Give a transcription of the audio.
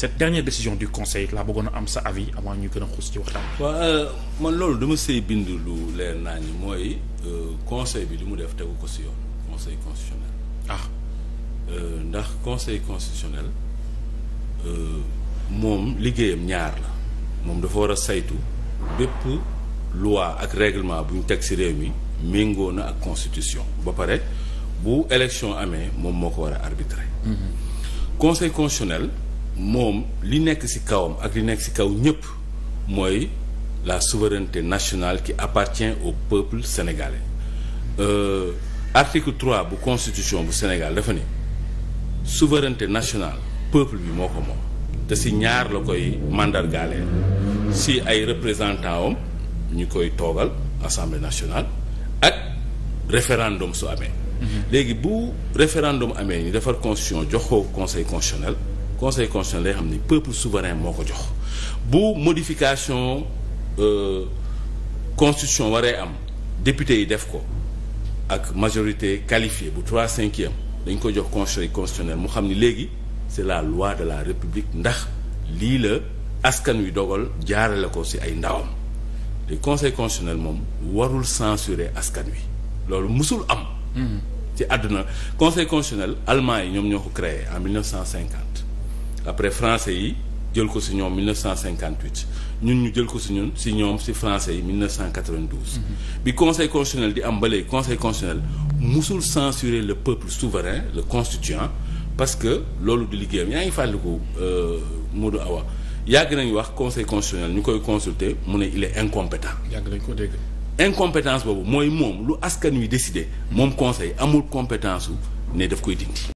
cette dernière décision du conseil laa bëggoon am sa avis avant ñu gën a xuus ci waxtaan. waaw euh, man loolu dama sëy bind lu leer naa ni mooy euh, conseil bi li mu def tegu ko si yoon conseil constitutionnel. ah euh, ndax conseil constitutionnel moom liggéeyam ñaar la moom dafa war a saytu bépp loi ak règlement buñ teg si réew mi méngoo na ak constitution ba pare bu élection amee moom moo ko war a arbitrer. Mm-hmm. conseil constitutionnel. moom li nekk ci kawam ak li nekk ci kaw ñëpp mooy la souveraineté nationale qui appartient au peuple sénégalais euh, article 3 bu constitution bu Sénégal dafa ni souveraineté nationale peuple bi moo ko moom te si ñaar la koy mandargaalee si ay représentant am ñu koy toogal assemblée nationale ak référendum su amee mm-hmm. léegi bu référendum amee ñu defar constitution jox ko conseil constitutionnel conseil constitutionnel day xam ni peuple souverain moo ko jox bu modification euh, constitution waree am député yi def ko ak majorité qualifiée bu trois cinquième dañ ko jox conseil constitutionnel mu xam ni léegi c'est la loi de la république ndax lii la askan wi dogal jaarale ko ci ay ndawam le conseil constitutionnel moom warul censurer askan wi loolu musul am. Hmm. ci àdduna conseil constitutionnel allemand yi ñoom ñoo ko créé en 1950. après français yi jël ko si ñoom 1958 ñun ñu jël ko si ñun si ñoom si français yi 1992. bi conseil constitutionnel di am ba léegi conseil constitutionnel musul censurer le peuple souverain le constituant parce que loolu di liggéeyam yaa ngi euh, moo du Awa yàgg nañu wax conseil constitutionnel ñu koy consulter mu ne il est incompétent. yàgg nañu ko dégg. incompétence boobu mooy moom lu askan wi décidé moom conseil amul compétence su ne daf koy dindi.